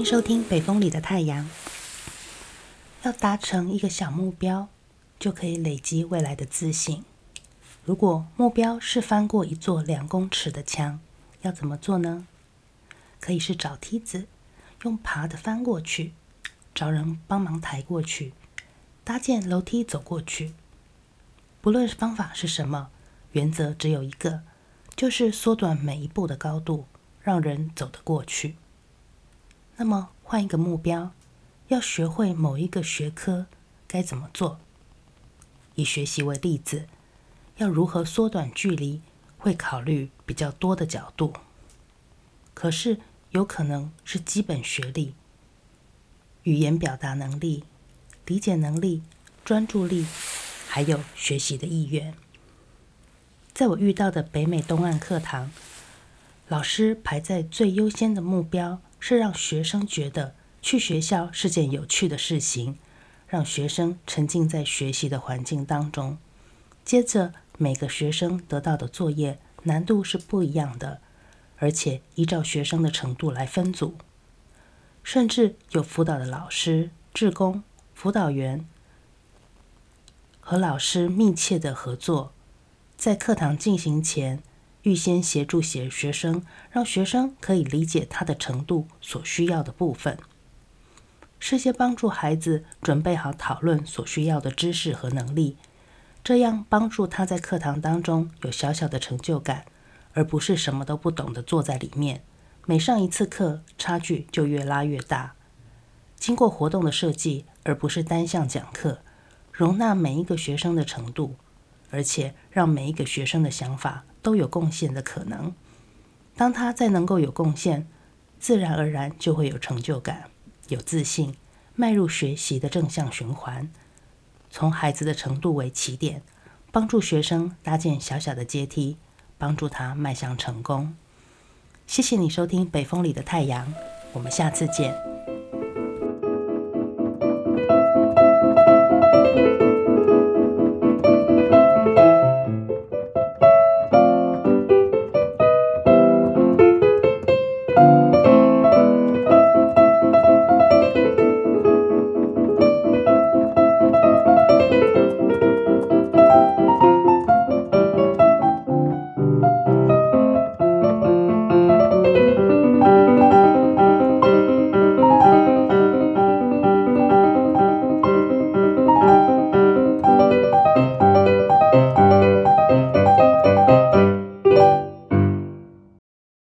歡迎收聽《北風裡的太陽》。要達成一個小目標，就可以累積未來的自信。如果目標是翻過一座兩公尺的牆，要怎麼做呢？可以是找梯子，用爬的翻過去；找人幫忙抬過去；搭建樓梯走過去。不論方法是什麼，原則只有一個，就是縮短每一步的高度，讓人走得過去。那麼，換一個目標，要學會某一個學科該怎麼做。以學習為例子，要如何縮短距離，會考慮比較多的角度。可是，有可能是基本學力、語言表達能力、理解能力、專注力，還有學習的意願。在我遇到的北美東岸課堂，老師排在最優先的目標。是讓學生覺得去學校是件有趣的事情，讓學生沉浸在學習的環境當中。接着，每個學生得到的作業難度是不一樣的，而且依照學生的程度來分組，甚至有輔導的老師、志工、輔導員和老師密切的合作，在課堂進行前。預先協助寫學生，讓學生可以理解他的程度所需要的部分，事先幫助孩子準備好討論所需要的知識和能力，這樣幫助他在課堂當中有小小的成就感，而不是什麼都不懂的坐在裡面。每上一次課，差距就越拉越大。經過活動的設計，而不是單向講課，容納每一個學生的程度。而且讓每一個學生的想法都有貢獻的可能。當他再能夠有貢獻，自然而然就會有成就感、有自信，邁入學習的正向循環。從孩子的程度為起點，幫助學生搭建小小的階梯，幫助他邁向成功。謝謝你收聽《北風裡的太陽》，我們下次見。